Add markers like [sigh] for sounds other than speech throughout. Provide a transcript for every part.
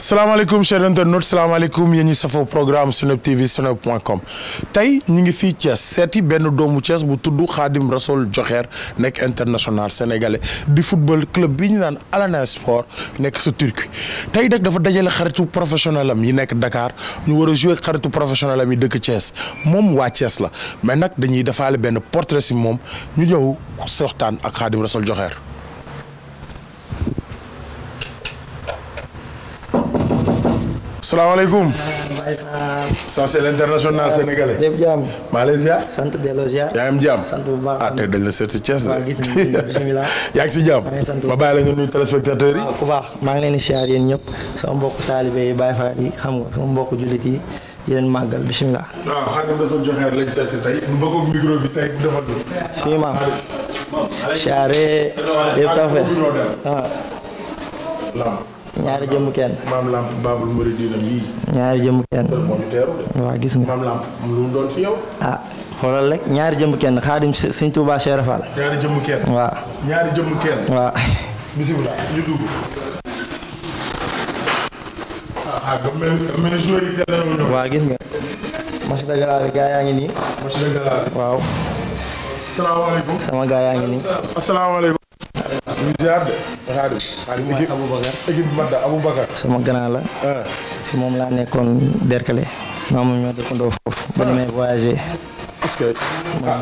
salaamaaleykum chers internautes salaamaaleykum yéen ñi safoo programme Seneweb TV seneweb.com tey ñu ngi fii Thiès seeti benn doomu Thiès bu tudd xaadim Rassoul joxeer nekk international sénégalais di football club bi ñu naan Alana Sport nekk sa Turquie tey nag dafa dajale xaritu professionnel am yi nekk Dakar ñu war a joué ak xaritu professionnel am yi dëkk Thiès moom waa Thiès la mais nag dañuy defaale benn portrait si moom ñu ñëw soxtaan ak Khadim Rassoul Joher salaamaaleykum. ça c'est l'international sénégalais. yëpp jàmm. Malaysia. sant delloo ziar. yaa ngi jàmm. sant bu baax ah tey dañ la seet si Thiès. waaw gis nañu bisimilah. [laughs] yaa ngi si jàmm. ma bàyyi la nga nuyu téléspectateurs yi. ku baax maa ngi leen di siyaar yéen ñëpp sama mbokku taalibe yi Baye Fall yi xam nga sama mbokku jullit yi. yéen màggal bisimilah. waaw ah, xam nga Mbassoum Joxeer lañ seet si tey bu bëggoon micro bi tey dafa dugg. fii ma siyaare. yëpp taw fee. waaw. ñaari jëmm kenn. ñaari jëmm kenn. moo ñu teeru de. gis nga maam Lamp ah, ñaari jëmm kenn xaadim sëñ Touba Cheikh Fall. ñaari jëmm kenn. waaw ñaari jëmm kenn. Ah, ah, gis nga. Massi Dagala gaa yaa ngi nii. Massi waaw. sama gaa yaa ngi nii. ñu ziar de xaadim la ah. si moom laa nekkoon Derkale maa moom ñoo dëkkandoo foofu ba ñu may ah. voyagé est-ce que ah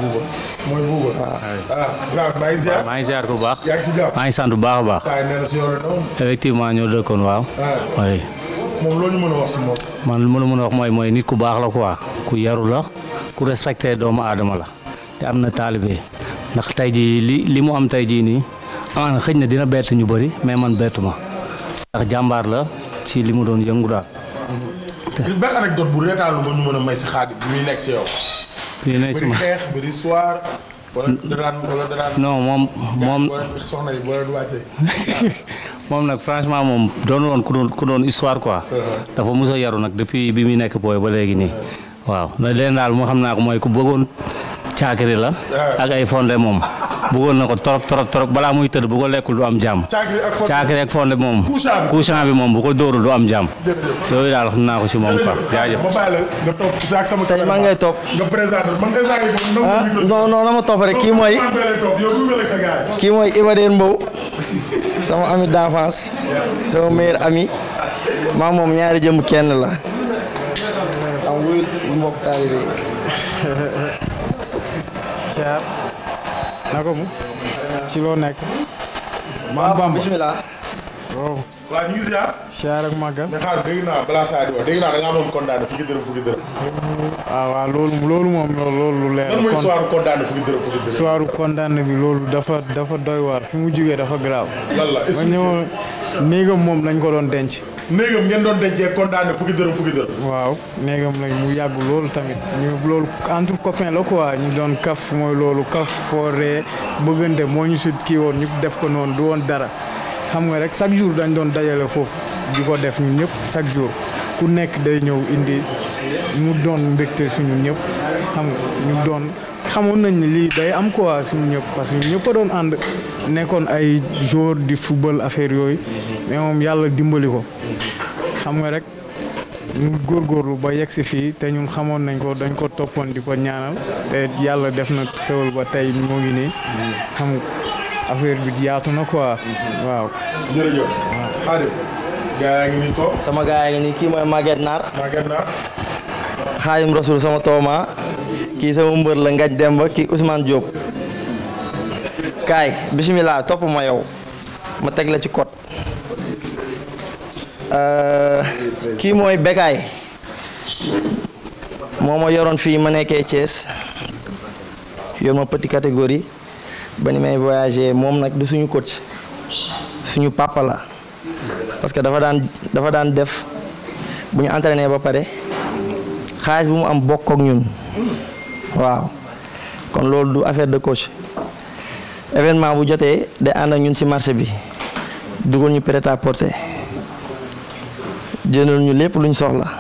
mooy buuba ah, ah bu baax yaa ngi si jàpp baax a baax mën wax mooy mooy nit ku baax la quoi ku yaru ku respecté doomu aadama la te am na taalibe ndax tey jii li mu am tey jii nii ma xëj na dina bett ñu bëri mais man bettu ma ndax jàmbaar la ci li mu doon yëngu daal. ci benn anecdote moom [laughs] moom nag franchement moom doon woon doon ku doon histoire quoi. Uh-huh. dafa mos yaru nag depuis bi muy nekk booy ba léegi nii. Uh-huh. waaw leen daal moo xam naa ko mooy ku bëggoon caakiri la. Uh-huh. ak ay fonde moom. bëggoon na ko trop trop trop balaa muy tëdd bu ko lekkul du am jàmm. caakiri ak fonde moom. couchant bi moom bu ko dóorul du am jàmm. loolu daal naa ko ci moom quoi jaajëf. tey maa ngay topp. ah ma topp rek kii mooy. kii mooy Ibadeen Mbow. sama ami d'enfance. sama meilleur ami. maa moom ñaari jëm kenn la. [laughs] naka mu ci loo nekk. maam Bamba bismillah waaw. waaw ñu ngi ziar. ziar ak màggal. mais xaar dégg naa balaa saa da ngaa amoon bi loolu dafa dafa doy waar fi mu jugee dafa grave. néegam moom lañ ko doon denc. néegam ngeen doon dencee condamné fukki dërëm waaw néegam lañ mu yàgg loolu tamit ñu loolu entre copain la quoi ñu doon kaf mooy loolu kaf fooree bëggante moo ñu sut kii woon ñu def ko noonu du woon dara xam nga rek chaque jour dañ doon dajale foofu di ko def ñun ñëpp chaque jour ku nekk day ñëw indi mu doon mbégte suñu ñëpp xam nga doon xamoon nañ ne lii day am quoi suñu ñëpp parce que ñu doon ànd nekkoon ay joueur di football affaire yooyu mais moom yàlla dimbali ko xam nga rek ñu góorlu ba yegg si fii te ñu xamoon nañ ko dañ ko toppoon di ko ñaanal te yàlla def na xewal ba tey moo ngi nii affaire bi yaatu na quoi. waaw. gaa yaa ngi nii toog. sama gaa yaa ngi nii kii mooy Maguette Naar. Maguette Naar. Rasul sama tooma. kii sama mbër la Ngañ ba ki Ousmane Diop. kaay bisimilah topp ma yow. ma teg la ci code. Euh, kii mooy Bekaay. moo ma yoroon fii ma nekkee Thiès. yor ma petit catégorie. ba ni may voyager moom nag du suñu coach suñu papa la parce que dafa daan dafa daan def bu ñu entraîné ba pare xaalis bi mu am bokk ak ñun waaw kon loolu du affaire de coach événement bu jotee day ànd ñun ci marché bi dugal ñu prêt-à-porter jëndal ñu lépp luñ soxla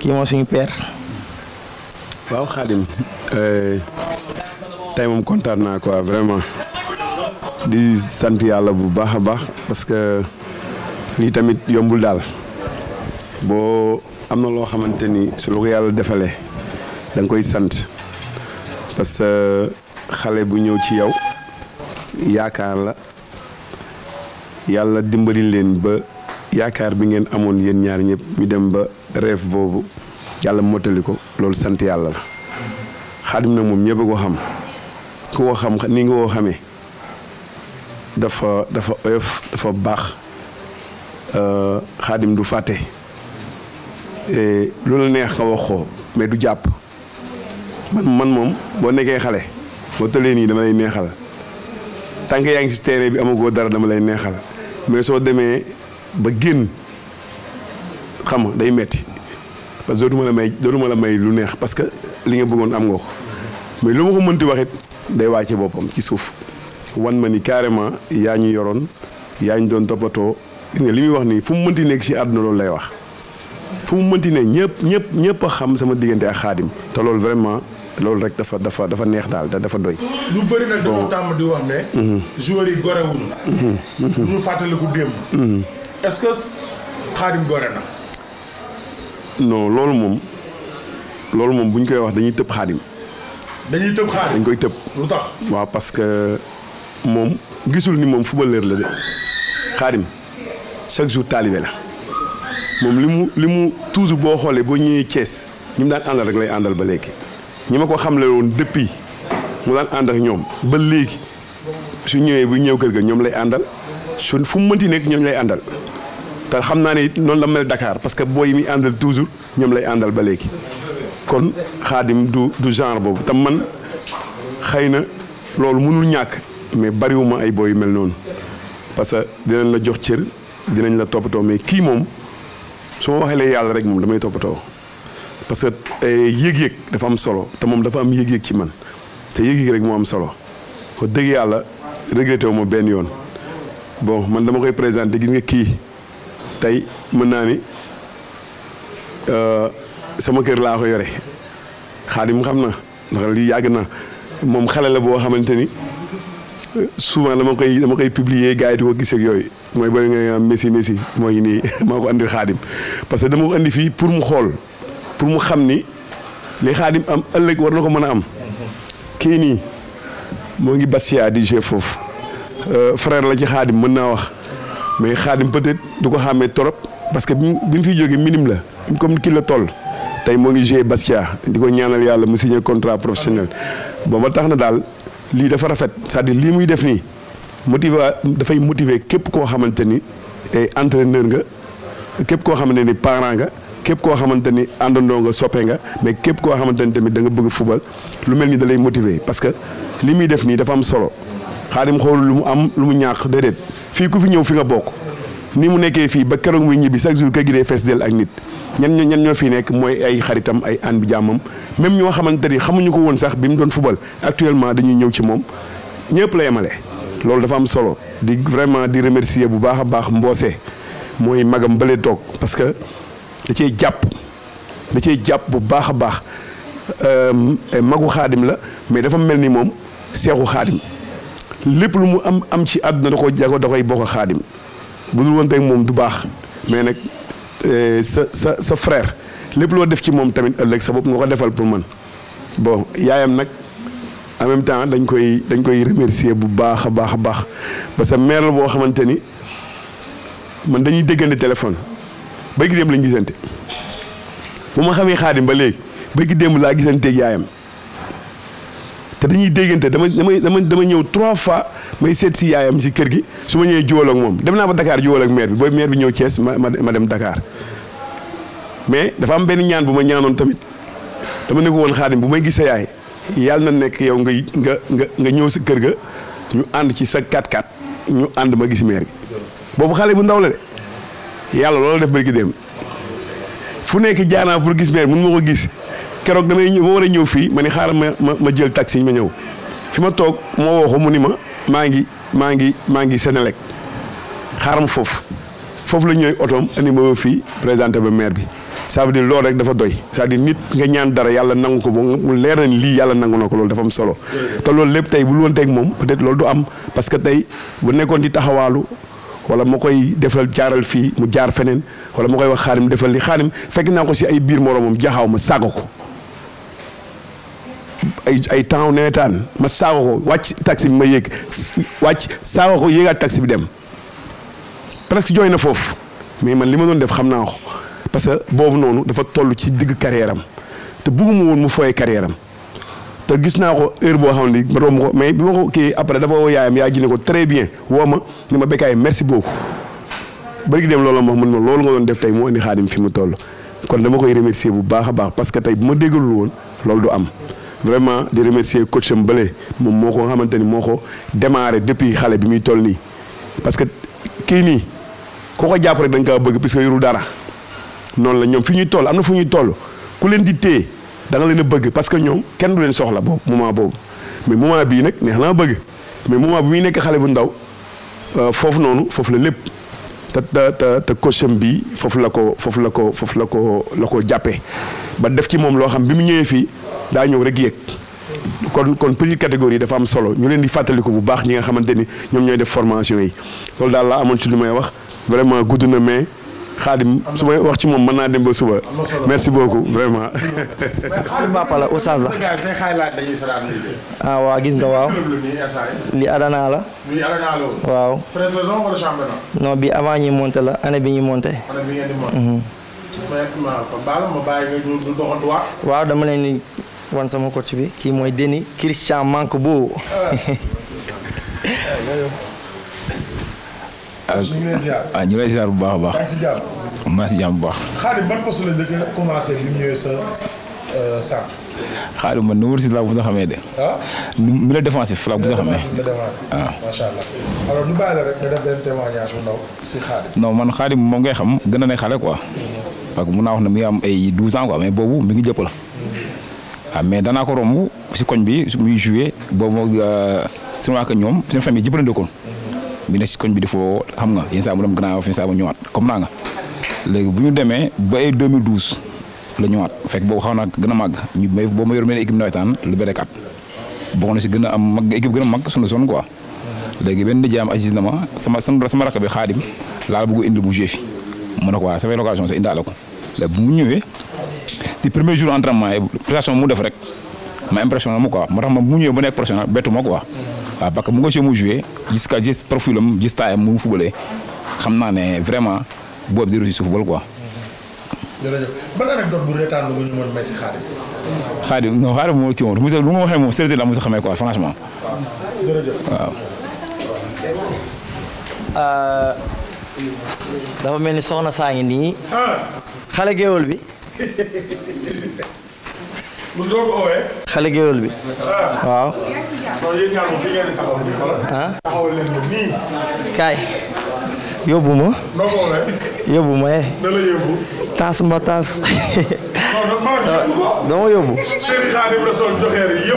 kii mooy suñu père. waaw Khadim. Euh, tey moom kontaan naa quoi vraiment di sant yàlla bu baax a baax parce que lii tamit yombul daal boo am na loo xamante ni su la ko yàlla defalee danga koy sant parce que xale bu ñëw ci yow yaakaar la yàlla dimbali leen ba yaakaar bi ngeen amoon yéen ñaar ñëpp ñu dem ba rêve boobu yàlla mottali ko loolu sant yàlla la xaadim na moom ñëpp ko xam. ku woo xam ni nga woo xamee dafa dafa oyof dafa baax euh, xaadim du fàtte lu la neex nga wax ko mais du jàpp man moom boo nekkee xale boo tëlee nii dama lay neexal tànk yaa ngi si terrain bi amagoo dara dama lay neexal mais soo demee ba génn xam nga day metti parce que dootuma la may dootuma la may lu neex parce que li nga bëggoon am nga mais lu ma ko mënti waxit day wàcce boppam ci suuf wan ma ni carrément yaa ñu yoroon yaa ñu doon toppatoo li muy wax nii fu mu mënti nekk ci àdduna loolu lay wax fu mu mënti ne ñëpp ñëpp ñëpp a xam sama diggante ak xaadim te loolu vraiment loolu rek dafa dafa dafa neex daal dafa doy. lu bëri nag dañoo tàmm di wax ne. Mhm. joueurs mhm. mhm. ce que xaadim gore loolu moom loolu moom bu ñu koy wax dañuy tëb xaadim. dañuy tëb xaar dañ koy tëb. lu waaw parce que moom gisul ni moom footballeur la de xaarim jour taalibe la moom li mu li mu toujours boo xoolee boo ñëwee cees ñu mu daan àndal rek lay àndal ba léegi. ñu ma ko xamle woon depuis mu daan ànd ak ñoom ba léegi su ñëwee bu ñëw kër ga ñoom lay àndal su fu mu mënti nekk ñoom lay àndal te xam naa ne noonu la mel dakaar parce que booy yi muy àndal toujours ñoom lay àndal ba léegi. kon xaadim du du genre boobu tam man xëy na loolu mënul ñàkk mais bariwuma ay booy yu mel noonu parce que dinañ la jox cër dinañ la toppatoo mais kii moom su ma waxee yàlla rek moom damay toppatoo parce que eh, yëg-yëg dafa am solo te moom dafa am yëg-yëg man te yëg rek moo am solo ko dëgg yàlla regretté wu ma benn yoon bon man dama koy présenté gis nga kii tey mën naa ni euh, sama kër laa ko yore xaadim xam na ndax lii yàgg na moom xale la boo xamante ni souvent dama koy dama koy publier gars yi di ko gis yooyu mooy booy nga messi messi mooy nii [laughs] maa ko andil xaadim parce que dama ko andi fii pour mu xool pour mu xam ni li xaadim am ëllëg war na ko mën a am kii nii moo ngi Bastia di jeu foofu euh, frère la ci xaadim mën naa wax mais xaadim peut-être du ko xàmmee trop parce que bi mu fi jógee minime la comme kii la toll. tey moo ngi joué Bastia di ko ñaanal yàlla mu signé contrat professionnel bon ba tax na daal lii dafa rafet cest à lii muy def nii motiver dafay motiver képp koo xamante ni eh, entraîneur nga képp koo xamante ni parent nga képp koo xamante ni àndandoo nga soppe nga mais képp koo xamante ni tamit danga bëgg fubal lu mel ni da lay motiver parce que li muy def nii dafa am solo xaadim xoolu lu mu am lu mu ñàkk déedéet fii ku fi ñëw fi nga bokk. ni mu nekkee fii ba keroog muy ñibbi chaque jour kër gi day fees del ak nit ñan ñoo ñan ñoo fi nekk mooy ay xaritam ay aan bi jàmmam même ñoo xamante ni xamuñu ko woon sax bi mu doon fubal actuellement dañuy ñëw ci moom ñëpp la yemale. loolu dafa am solo di vraiment di remercier bu baax a baax Mbossé mooy magam bële toog parce que da cee jàpp da cee jàpp bu baax a baax euh, magu xaadim la mais dafa mel ni moom seexu xaadim lépp lu mu am am ci àdduna da ko jago da koy xaadim bu dul woon teg moom du baax mais nag eh, sa sa sa frère lépp loo def ci moom tamit ëllëg sa bopp nga ko defal pour man bon yaayam nag en même temps dañ koy dañ koy remercier bu baax a baax a baax parce que mère boo xamante ni man dañuy déggante téléphone bëgg dem lañ gisante bu ma xamee xaadim ba léegi bëgg démb laa gisanteeg yaayam te dañuy déggante dama dama dama ñëw trois fois may seet si yaayam si kër gi su ma ñëwee jiwal ak moom dem naa ba Dakar jiwal ak maire bi booy maire bi ñëw Thiès ma ma dem Dakar mais dafa am benn ñaan bu ma ñaanoon tamit dama ne ko woon xaadim bu may gis sa yaay yàlla na nekk yow nga nga nga nga ñëw sa kër ga ñu ànd ci sa 4-4 ñu ànd ma gis maire bi boobu xale bu ndaw la de yàlla loolu def bërki dem fu nekk jaanaaf pour gis maire mun ma ko gis keroog damay ñëw war a ñëw fii ma ne xaaral ma ma jël taxi ma ñëw fi ma toog moo mu ni ma maa ngi maa ngi maa ngi Sénélec xaaram foofu foofu la ñooy otoom andi ma fii présenté ba maire bi ça veut dire loolu rek dafa doy cest à nit nga ñaan dara yàlla nangu ko mu leer na lii yàlla nangu na ko loolu dafa am solo. te loolu lépp tey bu lu woon teg moom peut-être loolu du am parce que tey bu nekkoon di taxawaalu. wala ma koy defal jaaral fii mu jaar feneen wala ma koy wax xaarim defal li xaarim fekk naa ko si ay biir moom jaxaw ma saago ko ay ay temps nawetaan ma saawa ko wàcc taxi bi ma yéeg wàcc saawa ko yéegaat taxi bi dem presque jooy na foofu mais man li ma doon def xam naa ko parce que boobu noonu dafa toll ci digg carrière am te bugguma woon mu fooyee carrière am te gis naa ko heure boo xam ne ma romb ko ma ko kii après dafa woo yaayam yaa jine ko très bien woo ma ni ma Bécaye merci beaucoup bëri dem loolu moo mun ma loolu nga doon def tey moo indi Khadim fi mu toll kon dama koy remercier bu baax a baax parce que tey bu ma déggalul woon loolu du am vraiment di remercier coach am bële moom moo ko xamante ni moo ko démarré depuis xale bi muy toll nii parce que kii nii koo ko jàpp rek da nga kaa bëgg puisque yorul dara noonu la ñoom fi ñuy toll am na fu ñuy toll ku leen di téye da leen bëgg parce que ñoom kenn du leen soxla boobu moment boobu mais moment bii nag neex naa bëgg mais moment bi muy nekk xale bu ndaw euh, foofu noonu foofu la lépp te te te coach am bi foofu la ko foofu la ko foofu la ko la ko jàppee ba def ci moom loo xam bi mu ñëwee fii. daa ñëw rek yéeg kon kon petite catégorie dafa am solo ñu leen di fàttaliku bu baax ñi nga xamante ni ñoom ñooy def formation yi loolu daal la amoon ci lu may wax vraiment gudd na mais xaadim su may wax ci moom mën naa dem ba suba. merci beaucoup vraiment. xaadim papa la oustaz la. ah waaw gis nga waaw. li adanaa la. waaw. bi avant ñuy monté la année bi ñuy monté. Mhm. dama leen wan sama coach bi kii mooy Denis Christian Mancabou. ñu [laughs] ah ñu ah, lay ziar bu baax a baax. maa ngi si jàmm bu baax. Khadim ban poste la njëkk a mu sa euh, bu nga xamee de. ah milieu défensif laa bu nga xamee. waaw ah. la rek nga def benn témoignage bu man Khadim moom ngay xam gën a ne xale ko mm-hmm. parce que mun naa wax ne mi ngi am ay douze ans quoi mais boobu mi ngi jëpp la. waaw ah, mais danaa ko romb si koñ bi muy joué boobu euh, sama ak ñoom seen famille jëppalandekoon bi nekk si koñ bi di foo xam nga yenn saa mu dem grand fi saa mu ñëwaat comme naa nga léegi bu ñu demee ba ay 2012 la ñëwaat fekk boobu xam naa gën a màgg ñu may boo ma yor mel équipe nawetaan lu bëre kat bokk na si gën a am mag équipe gën a mag suñu zone quoi léegi benn nijaayam agis na ma sama sama rakk bi xaadim laal bëgg indi mu joué fi mu ne ko waaw sa fay location sa indaale ko bu mu ñëwee premier jour entraînement yi def rek ma impressionné ma quoi moo tax ma mu ñëwee ba nekk professionnel bettu ma quoi. waaw parce que mu nga joué mu joué gis ka gis profil am gis mu fubalee xam naa ne vraiment boobu di réussir si football quoi. jërëjëf ban anecdote bu lu ma waxee moom sérité la mu sa xamee quoi franchement. waaw jërëjëf waaw. Euh, dafa mel ni soxna saa ngi nii. Ah! xale géwél bi. mu doog xale géwél bi. Ah. waaw. non yéen ñaar moom ah. yóbbu ma. noo ma eh. na yóbbu. taas ma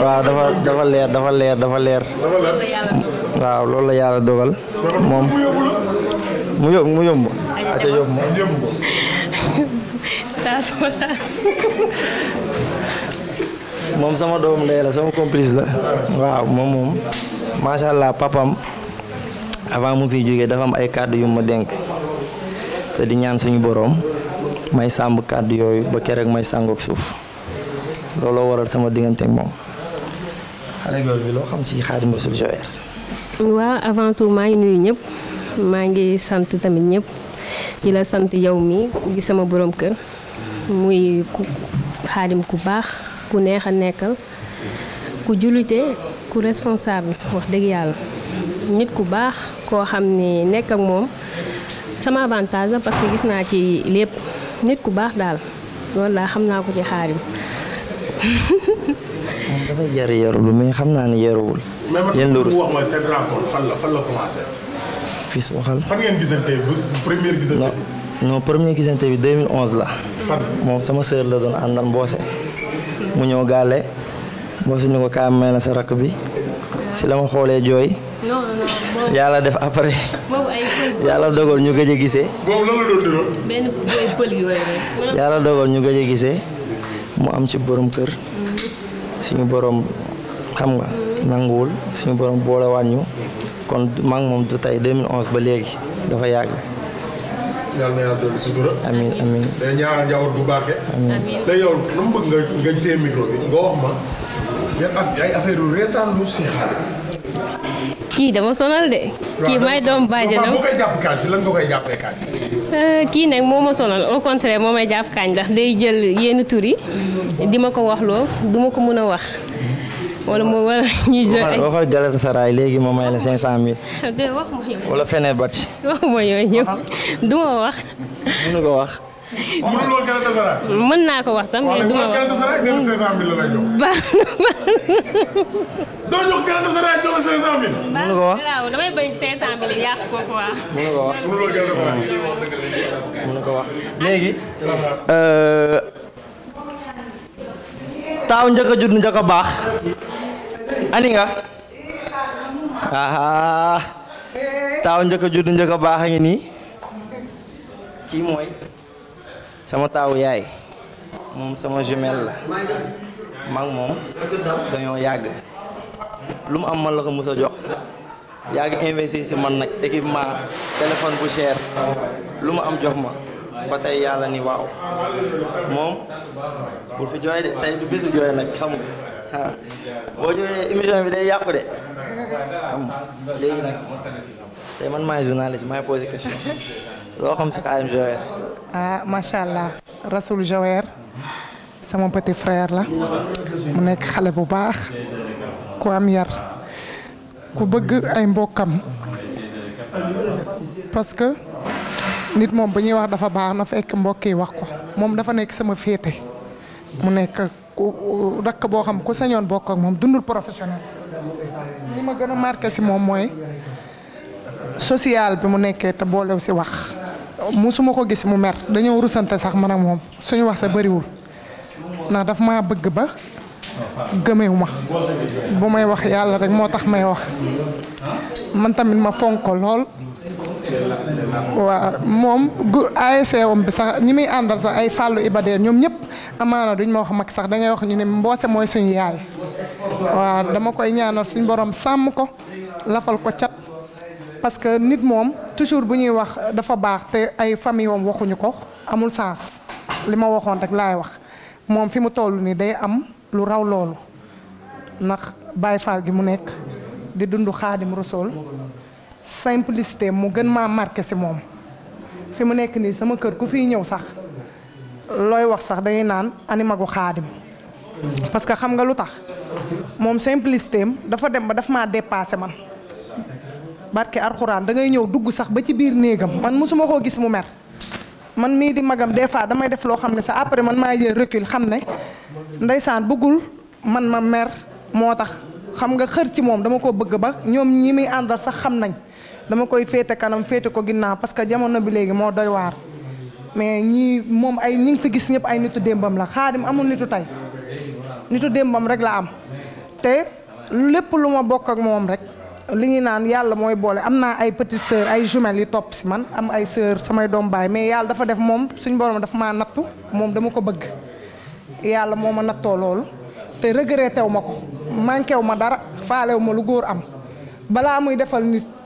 waaw dafa dafa leer dafa leer dafa leer. waaw loolu la yàlla dogal. moom mu yóbbu la. mu yóbbu mu taas moom sama doom ndey la sama complice la waaw moom moom macha allah papam avant mu fi jógee dafa am ay kàddu yu ma dénk te di ñaan suñu boroom may sàmb kàddu yooyu ba keroog may sàngook suuf looloo waral sama diggante ak moom xale góor bi loo xam si Khadimou Rassoul Joher. waaw avant tout maa ngi nuyu ñëpp maa ngi sant tamit ñëpp. ci la sant yow mi di sama boroom kër muy ku xaadim ku baax ku neex a nekkal ku jullite ku responsable wax dëgg yàlla nit ku baax koo xam ne nekk ak moom sama avantage la parce que gis naa ci lépp nit ku baax daal loolu laa xam naa ko ci xaadim [laughs] dafay jar yarulu mais xam naa ne yaruwul fils waxal. fan ngeen gisante bu première gisante. non non bi la. moom sama sœur la doon àndal mboose. mu ñëw gaale mboose ñu ko kaam may na sa rakk bi si la ma xoolee jooy. yàlla def après. yàlla dogal ñu gëj a gisee. yàlla dogal ñu gëj a gisee mu am ci borom kër. Mhm. suñu borom xam nga nanguwul suñu borom boole wàññu kon maa moom du tey 2011 ba léegi dafa yàgg. yàlla na yàlla dolli sutura. amiin bu baaxe. amiin te yow lu mu nga nga téye nga wax ma. kii dama sonal de. kii may doom baajanam waaw koy jàpp kañ si lan nga koy jàppee kañ. Euh, kii nag moo ma sonal au moo may jàpp kañ ndax day jël yenn tur di ma ko wax loo du ma ko mën a wax. wala moo wala léegi [laughs] ma may la 500000. wala Fenerbahce. waxuma yooyu ñëw ko wax. na ko wax waaw damay bañ 500000 yàq ko quoi. mënu ko wax wax léegi. taaw njëkk a judd njëkk a baax. ani nga taaw njëkk a judd njëkk a baax a ngi nii kii mooy sama taawu yaay moom sama jumelle la mag moom dañoo yàgg lu mu am man la ko mës a jox yàgg investir si man nag équipement téléphone bu cher lu mu am jox ma ba tey yàlla ni waaw moom bul fi jooy de tey du bisu jooy nag xam nga boo ñëwee émission bi day yàqu de am man maay journaliste maay posé question loo xam si KM Joher ah allah Rasoul Joher sama petit frère la mu nekk xale bu baax ku am yar ku bëgg ay mbokkam parce que nit moom bu ñuy wax dafa baax na fekk mbokk yi wax ko moom dafa nekk sama féete mu nekk rakk boo xam ku sañoon bokk ak moom dundul professionnel li ma gën a marqué si moom mooy euh, sociale bi mu nekkee te boolew si wax musuma ko gis mu mer dañoo rusante sax man ak moom suñu wax sa bëriwul ndax daf maa bëgg ba gëmewu ma bu may wax yàlla rek moo tax may wax man tamit ma fonk lool waaw moom gu ASC wam bi sax ñi muy àndal sax ay fàllu ibadeer ñoom ñëpp amaana duñ ma wax mag sax da ngay wax ñu ne mboose mooy suñu yaay waaw dama koy ñaanal suñ borom sàmm ko lafal ko cat parce que nit moom toujours bu ñuy wax dafa baax te ay famille waxuñu ko amul sens li ma waxoon rek laay wax moom fi mu toll nii day am lu raw loolu ndax Baay Faal gi mu nekk di dund Xaadim Rasuul simplicité mu gën maa marqué si moom fi mu nekk nii sama kër ku fiy ñëw sax looy wax sax dañuy naan ani magu xaadim parce que xam nga lu tax moom simplicité am dafa dem ba daf maa dépassé man barke arxuraan da ngay ñëw dugg sax ba ci biir néegam man mosuma koo gis mu mer man mii di magam des fois damay def loo xam ne sax après man maa jël recul xam ne ndeysaan bëggul man ma mer moo tax xam nga xër ci moom dama ko bëgg ba ñoom ñii muy àndal sax xam nañ dama koy féete kanam féete ko ginnaaw parce que jamono bi léegi moo doy waar mais ñii moom ay ñi ngi fi gis ñëpp ay nitu démbam la xaadim amul nitu tey nitu démbam rek la am te lépp lu ma bokk ak moom rek li ñuy naan yàlla mooy boole am naa ay petite sœur ay jumelles yu topp si man am ay sœur samay doom baay mais yàlla dafa def moom suñ borom dafa maa nattu moom dama ko bëgg yàlla moo ma nattoo loolu te regretté wu ma ko manqué wu ma dara faalewu lu góor am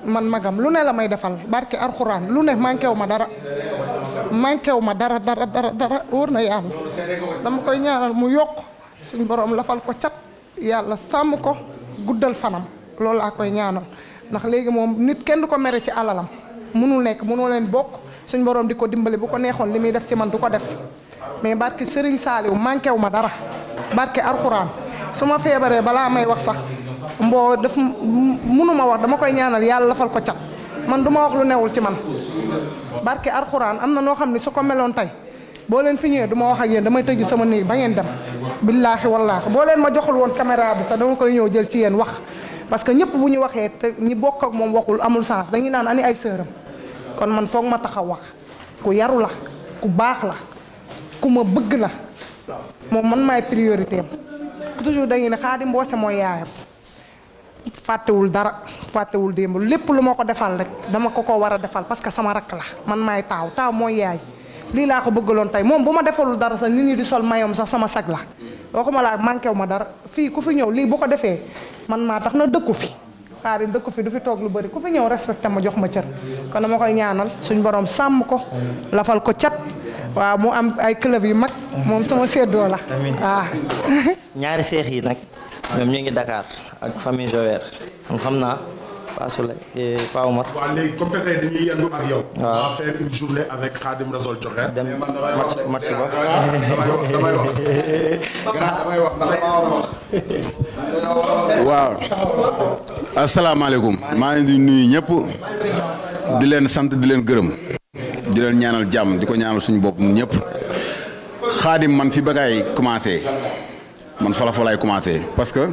man magam lu ne la may defal barke arxuraan lu ne manqué wu ma dara manqué wu ma dara dara dara dara wóor na yàlla dama koy ñaanal mu yokk suñ borom lafal ko cat yàlla sàmm ko guddal fanam loolu laa koy ñaanal ndax léegi moom nit kenn du ko mere ci alalam mënul nekk mënoo leen bokk suñ borom di ko dimbali bu ko neexoon li muy def ci man du ko def mais barke Serigne Saliou manqué wu ma dara barke arxuraan su ma feebaree balaa may wax sax mboo daf ma wax dama koy ñaanal yàlla lafal ko cat man du ma wax lu newul ci man barke arxuraan am na noo xam ne su ko meloon tey boo leen fi ñëwee du ma wax ak yéen damay tëju sama néeg ba ngeen dem billaahi wallaahi boo leen ma joxul woon caméra bi sax dama koy ñëw jël ci yéen wax parce que ñëpp bu ñu waxee te ñi bokk ak moom waxul amul sens dañuy naan ani ay sëram kon man foog ma taxaw wax ku yaru la ku baax la ku ma bëgg la moom man maay priorité am toujours dañuy ne Xaadim Mboose mooy yaayam fàttewul dara fàttewul démb lépp lu ma ko defal rek dama ko ko war a defal parce que sama rakk la man maay taaw taaw mooy yaay lii laa ko bëggaloon tey moom bu ma defalul dara sax nit ñi di sol mayom sax sama sag la waxuma laa manqué wu ma dara fii ku fi ñëw lii bu ko defee man maa tax na dëkku fi xaari dëkku fi du fi toog lu bari ku fi ñëw respecté ma jox ma cër kon na dama koy ñaanal suñ borom sàmm ko lafal ko cat waaw mu am ay club yu mag moom sama séddoo la waaw [laughs] ñaari seex yi nag ñoom ñu ngi Dakar ak famille Jower moom xam naa Pa Souley eh, Pa Omar. waaw léegi comme waaw on va maa ngi di nuyu ñëpp. di leen sant di leen gërëm. di leen ñaanal jàmm di ko ñaanal suñu bopp ñun ñëpp. Khadim man fi bagaay commencé. man fala fa laay commencé parce que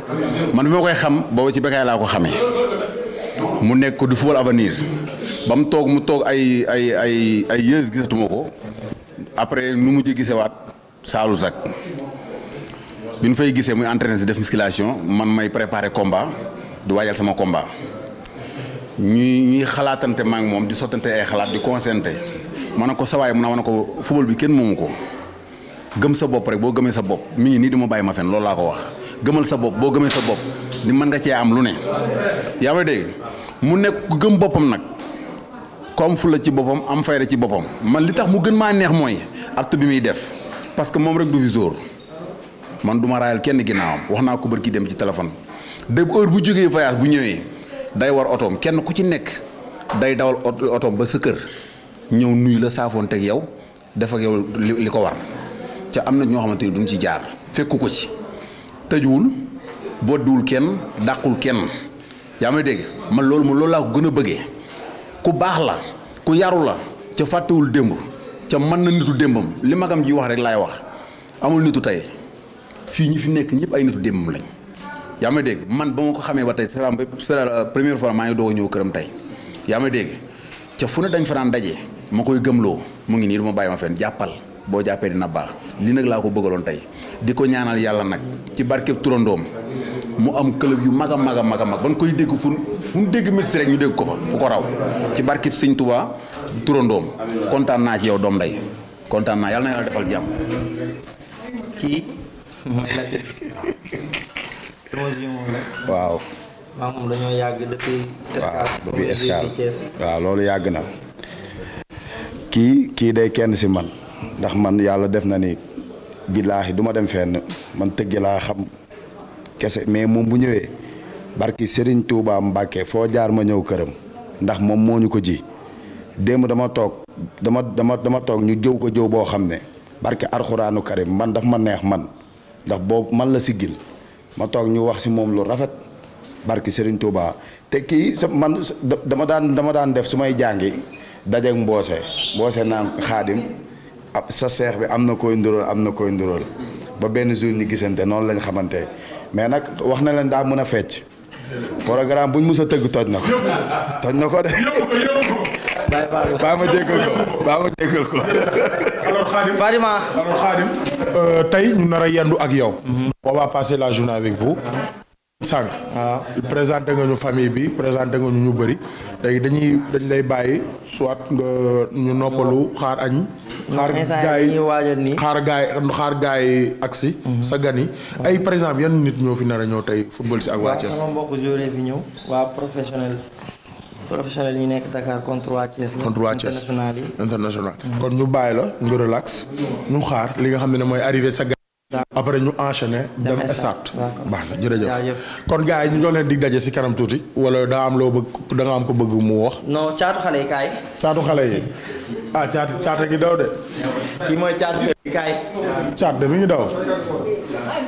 man bi ma koy xam booba ci Bécaye laa ko xamee mu nekk ko du football avenir ba mu toog mu toog ay ay ay ay yées gisatuma ko après nu mu ci gisewaat saalu sac bi ñu fay gisee muy entraîné def musculation man may préparer combat du waajal sama combat ñuy ñuy xalaatante maa ngi moom di sottante ay xalaat di consente ma ne ko sawaay mun naa ma ne ko football bi kenn moomu ko gëm sa bopp rek boo gëmee sa bopp mu ngi nii du ma bàyyi ma fen loolu laa ko wax gëmal sa bopp boo gëmee sa bopp ni mën nga cee am lu ne yaa may dégg mu nekk ku gëm boppam nag ku am fulla ci boppam am fay fayda ci boppam man li tax mu gën maa neex mooy acte bi muy def parce que moom rek du fi sóor man du ma raayal kenn ginnaawam wax naa ko bër ki dem ci téléphone de heure bu jógee voyage bu ñëwee day war otoom kenn ku ci nekk day dawal otoom ba sa kër ñëw nuyu la saafoon yow def li ko war ca am na ñoo xamante ni duñ ci jaar fekku ko ci tëjuwul boddiwul kenn dàqul kenn yaa ma dégg man loolu ma loolu laa ko gën a bëggee ku baax la ku yaru la ca fàttewul démb ca mën na nitu démbam li magam ji wax rek laay wax amul nitu tey fii ñi fi nekk ñëpp ay nitu démbam lañ yaa ma dégg man ba ma ko xamee ba tey c'est la euh, première fois maa ngi doo ñëw këram tey yaa ma dégg ca fu ne dañ fa daan daje ma koy gëmloo mu ngi nii du ma bàyyi ma fenn jàppal boo jàppee dina baax lii nag laa ko bëggaloon tey di ko ñaanal yàlla nag ci barkeb turandoom mu am club yu mag a mag a mag a mag ban koy dégg fu fu dégg Mirsi rek ñu dégg ko fa fu ko raw ci barkeb Sëñ Tuubaa turandoom kontaan naa ci yow doom ndey kontaan yàlla na yàlla defal jàmm. kii mooy waaw. yàgg loolu yàgg na. kii kii day kenn si man. ndax man yàlla def na ni billaahi duma dem fenn man tëgg laa xam kese mais moom bu ñëwee barki Serigne Touba Mbacke foo jaar ma ñëw këram ndax moom moo ñu ko ji démb dama toog dama dama dama toog ñu jëw ko jëw boo xam ne barki arxuraanu karim man daf ma neex man ndax boo man la siggil ma toog ñu wax ci moom lu rafet barki sëriñ Touba te kii sa man dama daan dama daan def su may jàngi dajeeg mboose mboose naan xaadim Ah, sa seex bi am na koy nduróol am na koy ndirool ba benn jour ñu gisante noonu lañ xamante mais nag wax na leen daa mën a fecc programme buñ mës a tëgg toj na ko toj ko de [laughs] baa ma jéggal ko baa ma jéggal ko alors euh, tey ñu nar a yendu ak yow mhm. on passer la journée avec vous sànq présenté nga ñu famille bi présenté nga ñu ñu bëri léegi dañuy dañ lay bàyyi soit nga ñu noppalu xaar añ xaar gaay xaar gaay xaar gaay agsi mhm. sa gan yi mhm. ay par exemple yan nit ñoo fi nar a ñëw tey football si ak waa Thiès sama mbokk joueur fi ñëw waa professionnel professionnel yi nekk Dakar contre waa Thiès contre waa Thiès international mhm. kon ñu bàyyi la nga relax ñu xaar li nga xam ne mooy arrivé sa après ñu enchaîner dem esat baax na jërëjëf kon gars yi ñu ñoo leen di daje si kanam tuuti wala daa am loo bëgg da am ko bëgg mu wax non caatu xale yi kaay caatu xale yi ah caatu caatu gi daw de kii mooy caatu xale yi de mi ngi daw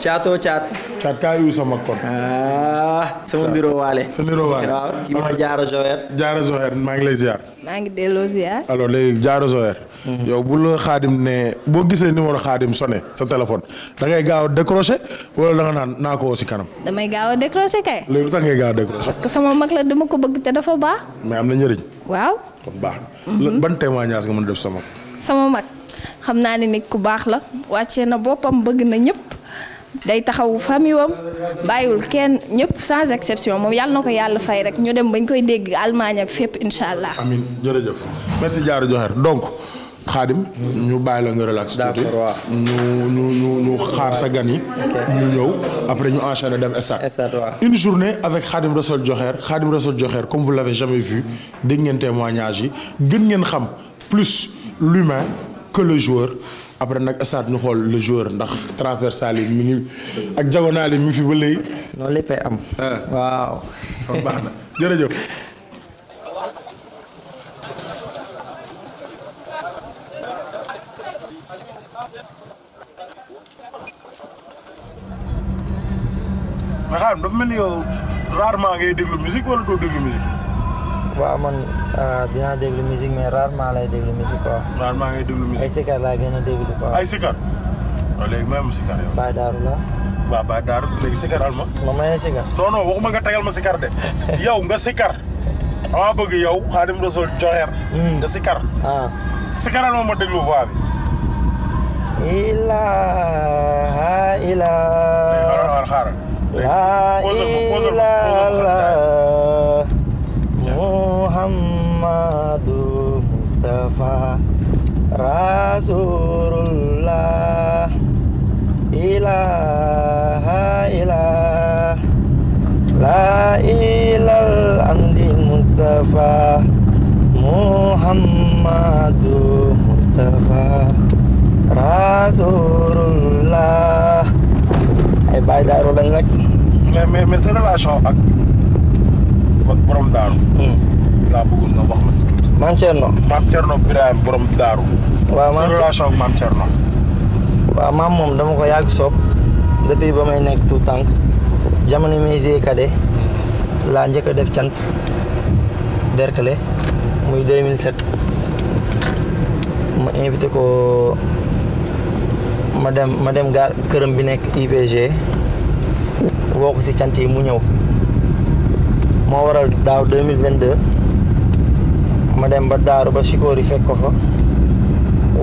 caatoo caat. caat kaa yu sama kon. ah sama niroo waale. sa niroo waale waaw kii mooy Diarra Joher. Diarra Joher maa ngi lay ziar. maa ngi delloo ziar. alors léegi Diarra Joher. Mhm. yow bu la xaadim ne boo gisee numéro xaadim sonné sa téléphone da ngay gaaw a décroché wala da nga naan naa ko si kanam. damay gaaw a décroché kay. léegi lu ngay gaaw a décroché. parce que sama mag la dama ko bëgg te dafa baax. mais am na njëriñ. waaw kon baax na. Mhm. ban témoignage nga mën a def sama. sama mag xam naa ne nit ku baax la wàccee na boppam bëgg na ñëpp. day taxaw famille wam bàyyiwul kenn ñëpp sans exception moom yàlla na ko yàlla fay rek ñu dem bañ koy dégg Allemagne ak fépp incha allah. amiin jërëjëf merci Diarra Joher donc. Xaadim ñu bàyyi la nga relax tuuti ñu ñu ñu ñu xaar sa gan yi ñu ñëw après ñu enchaîner dem stade une journée avec Khadim Rassoul Joher Khadim Rassoul Joher comme vous l'avez jamais vu dégg ngeen témoignage yi gën ngeen xam plus l'humain que le joueur après nag stade ñu xool le joueur ndax transversal mi ngi ak diagonal mi fi ba léegi. loolu léppay am. Ah. waaw. kon baax na jërëjëf. mais xaaral dafa mel ni yow rarement ngay musique wala doo déglu musique. waaw man ah, dinaa déglu musique mais rarement lay déglu musique quoi. rarement ngay déglu musique. ay sikar laa gën a déglu quoi. ay sikar waaw léegi may ma sikar yow. Baye Darou la. waaw ma. nga tegal ma sikar de [laughs] yow nga sikar dama bëgg yow Xaadim Rasul joxeer. Hmm. nga sikar. ah ma déglu voix bi. ilaa ilaa. xaaral xaaral. léegi Ahmadu Mustafa Rasulullah ilaha ilah la ilal amdi Mustafa Muhammadu Mustafa Rasulullah ay bàyyi daaru lañ nag mais mais mais sa relation ak borom daaru hmm. laa bëggoon nga wax ma si tuuti. maam Thierno. maam Thierno Birahim borom Daaru. waaw maam sa relation ak waaw maam moom dama ko yàgg soob depuis ba may nekk tout tànk jamono may gisee kade laa njëkk a def cant Derklé muy 2007 ma invité ko ma dem ma dem gaar këram bi nekk IPG woo ko si cant yi mu ñëw moo waral daaw ma dem ba daaru ba Sikori fekk ko fa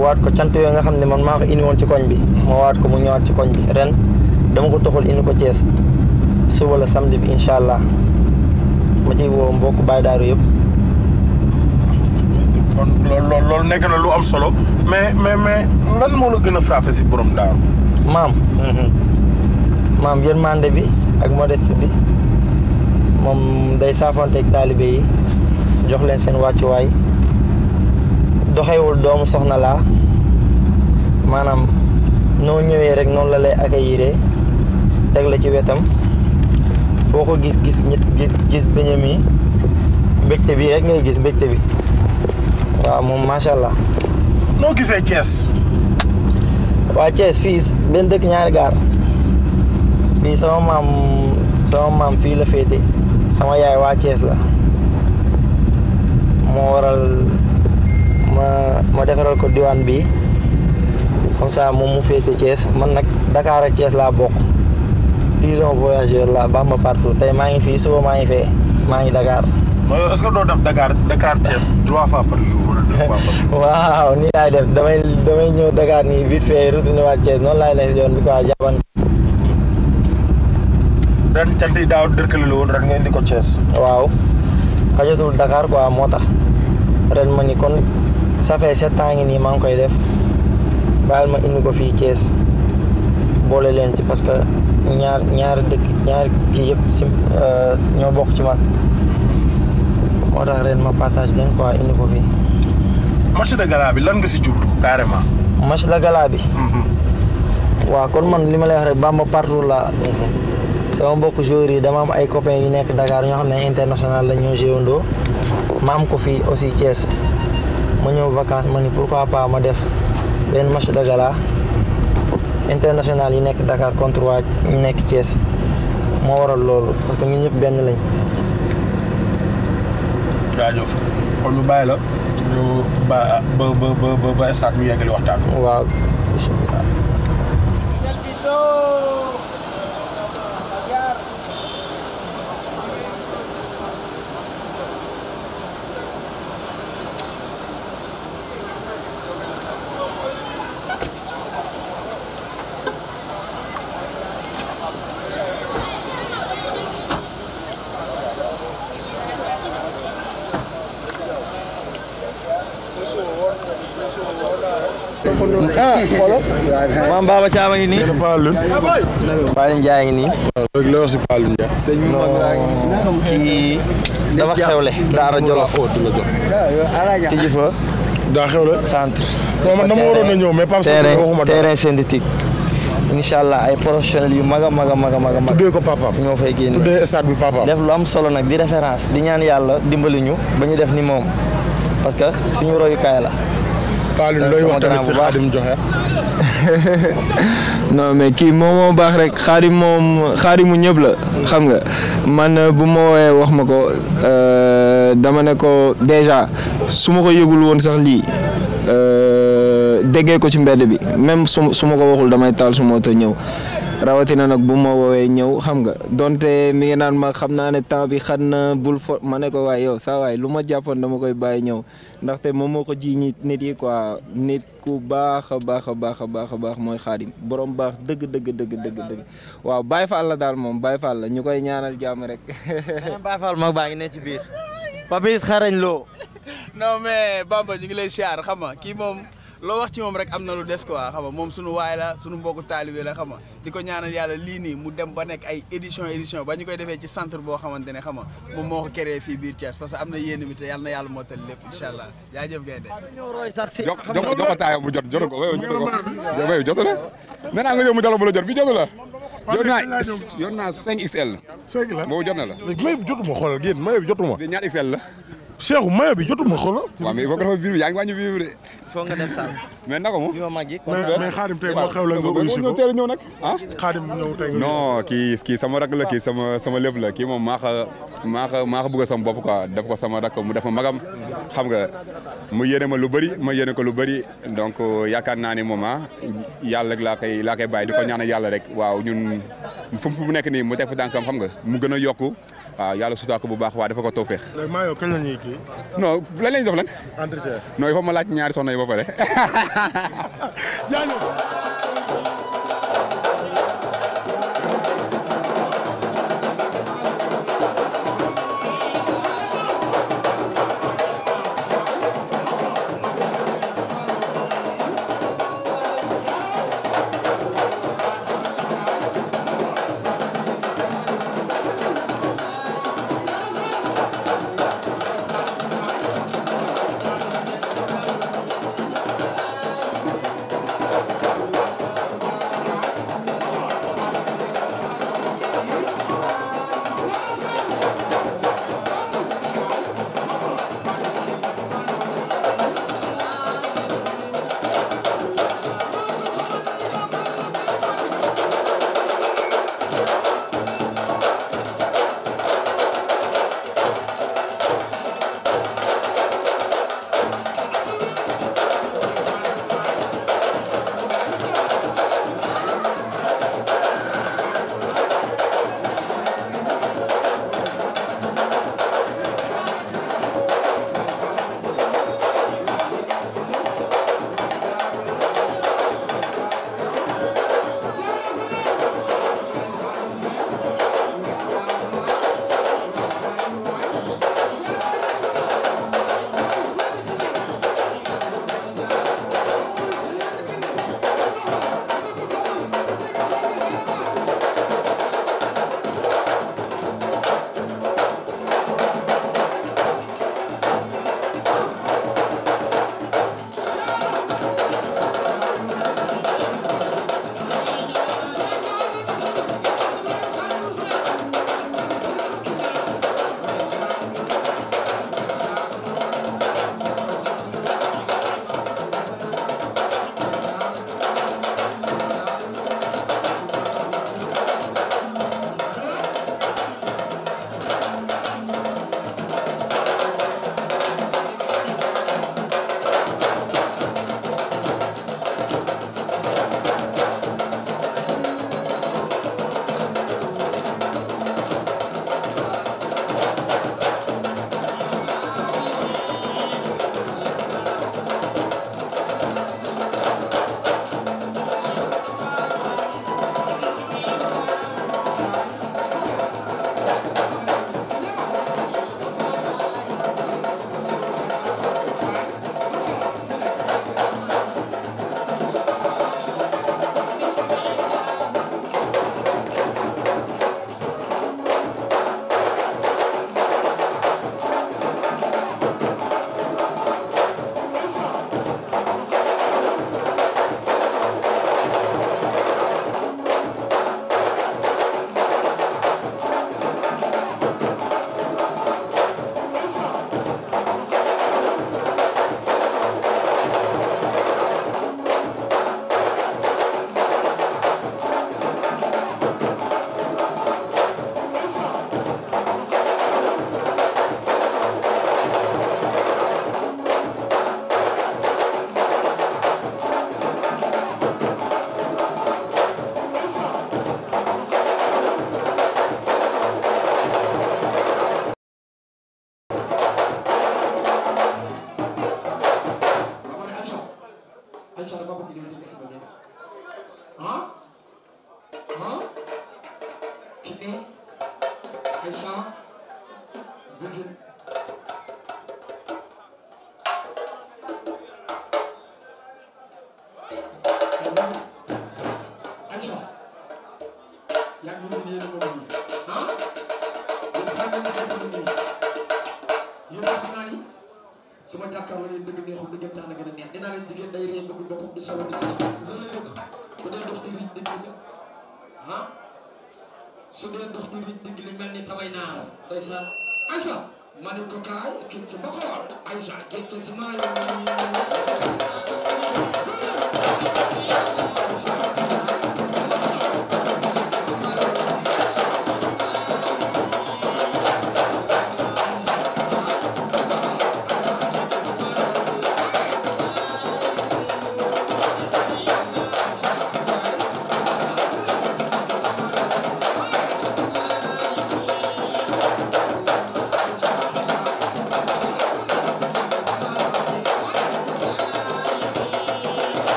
waat ko cant yooyu nga xam ne man maa ko indi woon ci koñ bi ma waat ko mu ñëwaat ci koñ bi ren dama ko toxal indi ko Thiès suba la samedi bi incha allah ma ciy woo mbokk Baye Daaru yëpp kon loolu loolu lu am solo mais mais mais lan moo gën a frappé si borom daaru maam mhm. maam yërmande bi ak modeste bi moom day saafanteeg taalibe yi jox leen seen wàccuwaay doxewul doomu soxna laa maanaam noo ñëwee rek noonu la lay accueillir teg la ci wetam foo ko gis gis gis gis bëñam yi bi rek ngay gis mbégte bi waaw moom macha allah. noo gisee Thiès. waa Thiès fii benn dëkk ñaari gaar fii sama maam sama maam fii la féete sama yaay waa Thiès la. moo waral ma ma defaral ko diwaan bi comme ça moom mu féete Thiès man nag dakaar ak Thiès laa bokk pigeon voyageur la Bamba partout tey maa ngi fii suba maa ngi fee maa ngi Dakar. mooy est-ce que doo def Dakar Dakar Thiès trois [laughs] waaw nii laay def damay damay ñëw Dakar nii vite fait retourné waat noonu laay lay yoon bi quoi jàppan. ren cant la woon ren nga indi ko waaw. xajatul Dakar quoi moo tax ren ma ni kon ça fait sept ngi nii maa ngi koy def bàyyil ma indi ko fii Thiès boole leen ci parce que ñaar ñaar dëkk ñaar kii yëpp si euh, ñoo bokk ci man moo tax ren ma partage leen quoi indi ko fii. match de gala bi lan nga si jublu carrément. match de gala bi. Mhm. waaw kon man li ma lay wax rek Bamba partout la sama mbokk joueurs yi dama am ay copains yu nekk Dakar ñoo xam ne international la ñoo géwandoo ma am ko fii aussi Thiès ma ñëw vacance ma ni pourquoi pas ma def benn match de gala international yi nekk Dakar contre waa ñu nekk Thiès moo waral loolu parce que ñun ñëpp benn lañ. jaajëf la ñu waaw. xoolal maam Baba Thiam a ngi nii. Paalin Ndiaye ngi nii. léegi loo si Paalin Ndiaye. sëñ bi mag laa ngi nii. kii dafa xewle. Daara Jolof tijji fa. daa xewle centre. non waroon mais Pape Sane waxuma synthétique. incha allah ay professionnels yu mag a mag a maga a mag a mag. ñoo fay génne tuddee stade def lu am solo nag di référence di ñaan yàlla dimbali ñu ba ñu def ni moom parce que suñu royukaay la. Paalum euh, looy wax tamit si Xaadim Joxe. [laughs] non mais kii moom moo baax rek Xaadim moom Xaadimu ñëpp la. xam nga man euh, bu ma woowee wax ma ko euh, dama ne ko déjà su ma ko yëgul woon sax lii. déggee ko ci mbedd bi même su su ma ko waxul damay taal su ma te ñëw rawatina nag bu ma woowee ñëw xam nga donte mi ngi naan ma xam naa ne temps bi xat na bul fo ma ne ko waaye yow saa waay lu ma jàppoon dama koy bàyyi ñëw ndaxte moom moo ko ji ñi nit yi quoi nit ku baax a baax a baax a baax a baax mooy xaadim borom baax dëgg dëgg dëgg waaw Baye daal moom Baye la ñu koy ñaanal jàmm rek. Eh, mag baa ngi ne ci biir. Papis xarañ loo. non mais Bamba ñu ngi lay siyaar xam nga kii moom. loo wax ci moom rek am na lu des quoi a nga moom suñu waay la suñu mbokku taalibe la xam nga di ko ñaanal yàlla lii nii mu dem ba nekk ay édition édition ba ñu koy defee ci centre boo xamante ne xam nga moom moo ko créé fii biir Thiès parce que am na yéen bi te yàlla na yàlla mootali lépp incha allah jot jot ko wéy wéy jotu la nee naa nga yow mu dala la jot bi jotu la yor naa yor naa 5 XL la 5 jot na la léegi may bi jotuma xoolal génn may bi jotuma ñaar la Cheikhou maillot bi jotuma xoolal. waaw mais il faut biir bi yaa ngi wàññi biir bi foog nga dem Saalum. mais naka moom. yoo màgg yi mais la ko teel a ñëw nag ah. xaadim kii kii sama rak la kii sama sama lépp la kii moom maax maax maax bugg maa xa bëgg sama bopp quoi def ko sama rak mu def ma magam xam nga mu yéene ma lu bëri ma yéene ko lu bëri donc yaakaar naa ni moom ah yàlla rek laa koy laa bàyyi di ko ñaanal yàlla rek waaw ñun fu mu nekk nii mu teg fa tànkam xam nga mu gën a yokku waaw yàlla sutaa ko bu baax waa dafa ko tawféex. léegi maa yow kañ la ñuy kii. non lan la ñuy def lan. entretien non il faut ma laaj ñaari soxna yi ba pare. [laughs] jaajëf.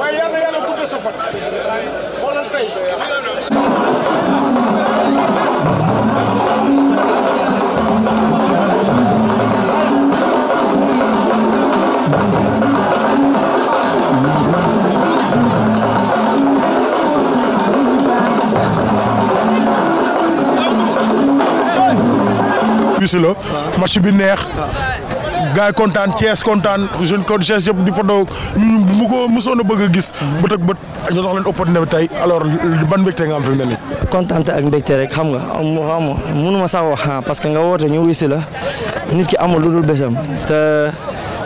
waaye yàlla yàlla gudd sa fan xoolal tey bis la match bi neex gars yi kontaan Thiès kontaan jeune code Thiès yëpp di photo ñu mu ko mosoon a bëgg a gis. bët ak bët ñu dox leen opportunité bi tey alors ban mbégte nga am fi mu ne nii. kontaan ak mbégte rek xam nga amu amu mënuma sax wax ah, parce que nga woote ñu wisi la nit ki amul lu dul bésam te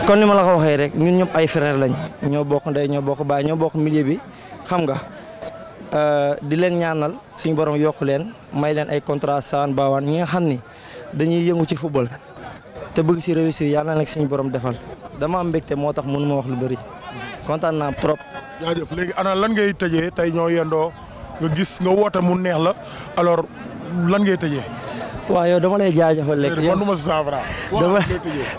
kon ni ma la ko waxee rek ñun ñëpp ay frère lañ ñoo bokk ndey ñoo bokk baa ñoo bokk milieu bi xam nga. Euh, di leen ñaanal suñu borom yokk leen may leen ay contrat saan baawaan ñi nga xam ni dañuy yëngu ci football te bëgg si réussir yàlla nag suñu borom defal dama am mbégte moo tax mënu ma wax lu bëri kontaan naa trop. jaajëf léegi ana lan ngay tëjee te ñoo yendoo nga gis nga woote mun neex la alors lan ngay tëjee. waaw dama lay jaajëfal léegi yow man ma dama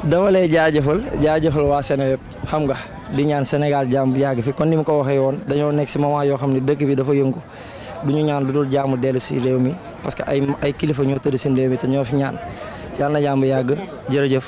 dama lay jaajëfal jaajëfal waa Sénégal yëpp xam nga di ñaan Sénégal jàmm yàgg fi kon ni mu ko waxee woon dañoo nekk si waa yoo xam ne dëkk bi dafa yëngu bu ñu ñaan lu dul jàmm dellu si réew mi parce que ay ay kilifa ñoo tëdd si réew mi te ñoo fi ñaan. yàlla na jàmm yàgg jërëjëf.